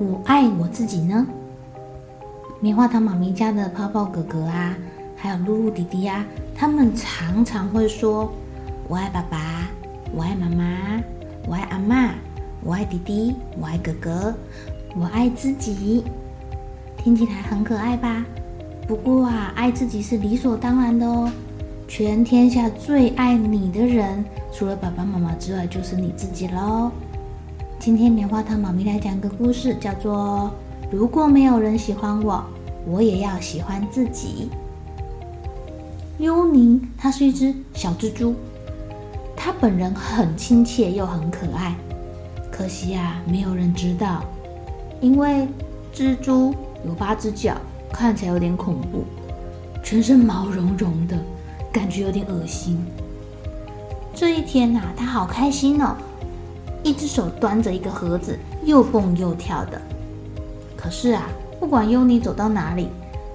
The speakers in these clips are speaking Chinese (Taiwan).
我愛我自己呢。棉花糖媽咪家的泡泡哥哥啊，還有嚕嚕弟弟啊，他們常常會說：“我愛爸爸，我愛媽媽，我愛阿嬤，我愛弟弟，我愛哥哥，我愛自己。”聽起來很可愛吧？不過啊，愛自己是理所當然的哦。全天下最愛你的人，除了爸爸媽媽之外，就是你自己嘍。今天棉花糖媽咪來講個故事，叫做《如果沒有人喜歡我，我也要喜歡自己》。妞妞。尤寧它是一隻小蜘蛛，它本人很親切又很可愛，可惜呀、啊，沒有人知道，因為蜘蛛有八隻腳，看起來有點恐怖，全身毛茸茸的，感覺有點惡心。這一天吶、啊，它好開心哦。一隻手端着一個盒子，又蹦又跳的。可是啊，不管尤尼走到哪裡，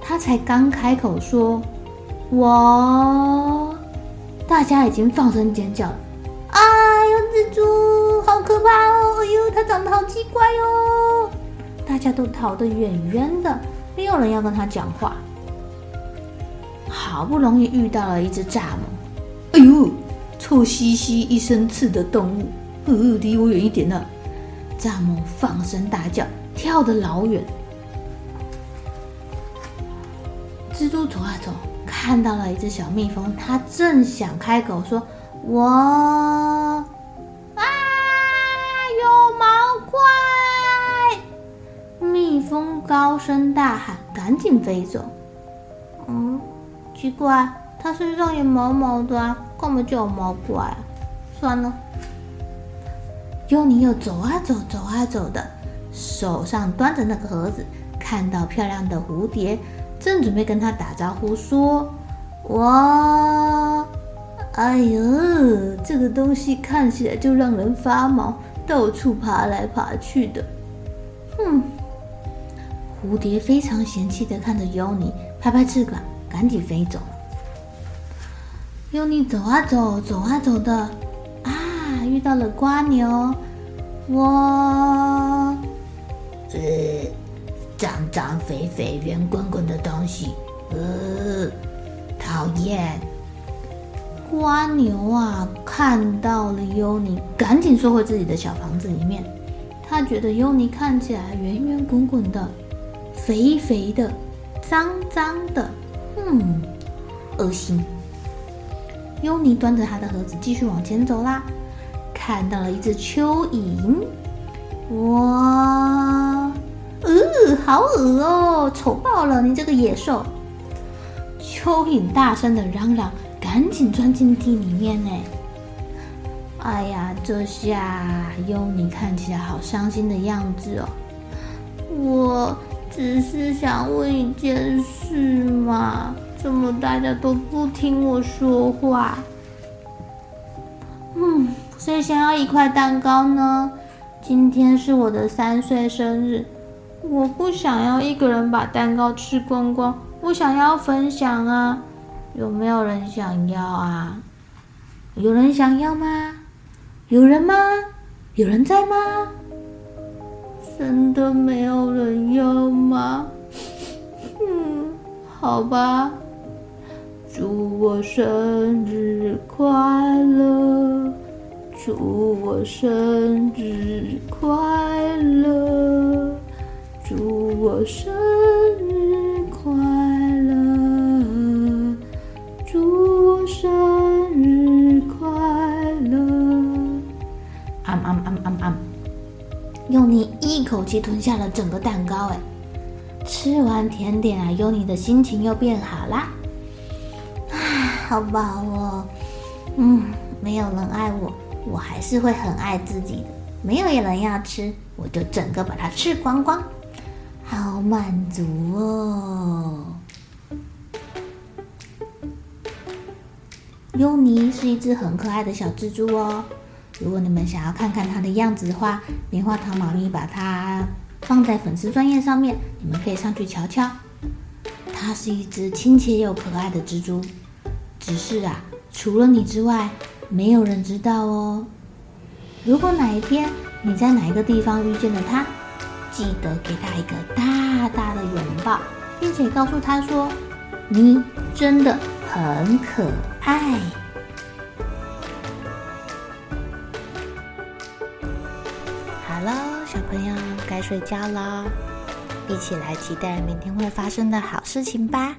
他才剛開口說“我”，大家已經放聲尖叫了：“啊、哎，有蜘蛛，好可怕哦！哎呦，它長得好奇怪哦！”大家都逃得遠遠的，沒有人要跟他講話。好不容易遇到了一隻蚱蜢，哎呦，臭兮兮、一身刺的動物。呃，離我遠一點呢啊！蚱蜢放聲大叫，跳得老遠。蜘蛛走啊走，看到了一隻小蜜蜂，它正想開口說：“我啊，有毛怪！”蜜蜂高聲大喊，趕緊飛走。嗯，奇怪，它身上也毛毛的啊，幹嘛叫我毛怪啊？算了。尤尼又走啊走，走啊走的，手上端着那個盒子，看到漂亮的蝴蝶，正準備跟他打招呼，說：“哇，哎呦，這個東西看起來就讓人發毛，到處爬來爬去的。”嗯，哼，蝴蝶非常嫌棄的看着尤尼，拍拍翅膀，趕緊飛走了。尤尼走啊走，走啊走的。遇到了蝸牛，我，呃，髒髒肥肥圓滾滾的東西，呃，討厭。蝸牛啊，看到了優尼，趕緊縮回自己的小房子裡面。他覺得優尼看起來圓圓滾滾的、肥肥的、髒髒的，嗯，噁心。優尼端着他的盒子繼續往前走啦。看到了一隻蚯蚓，哇，呃，好惡哦，醜爆了！你這個野獸，蚯蚓大聲的嚷嚷，趕緊鑽進地裡面呢。哎呀，這下幽你看起來好傷心的樣子哦。我只是想問一件事嘛，怎麼大家都不聽我說話？嗯。誰想要一塊蛋糕呢？今天是我的三歲生日，我不想要一個人把蛋糕吃光光，我想要分享啊！有沒有人想要啊？有人想要嗎？有人嗎？有人在嗎？真的沒有人要嗎？嗯，好吧，祝我生日快樂。祝我生日快樂！祝我生日快樂！祝我生日快樂！啊啊啊啊啊！尤尼一口氣吞下了整個蛋糕，哎，吃完甜點啊，尤尼的心情又變好啦！啊，好飽哦，嗯，沒有人愛我。我還是會很愛自己的，沒有人要吃，我就整個把它吃光光，好滿足哦。尤尼是一隻很可愛的小蜘蛛哦，如果你們想要看看它的樣子的話，棉花糖媽咪把它放在粉絲專頁上面，你們可以上去瞧瞧。它是一隻親切又可愛的蜘蛛，只是啊，除了你之外。沒有人知道哦。如果哪一天你在哪一個地方遇見了他，記得給他一個大大的擁抱，並且告訴他說：“你真的很可愛。” 好了，小朋友該睡覺啦，一起來期待明天會發生的好事情吧。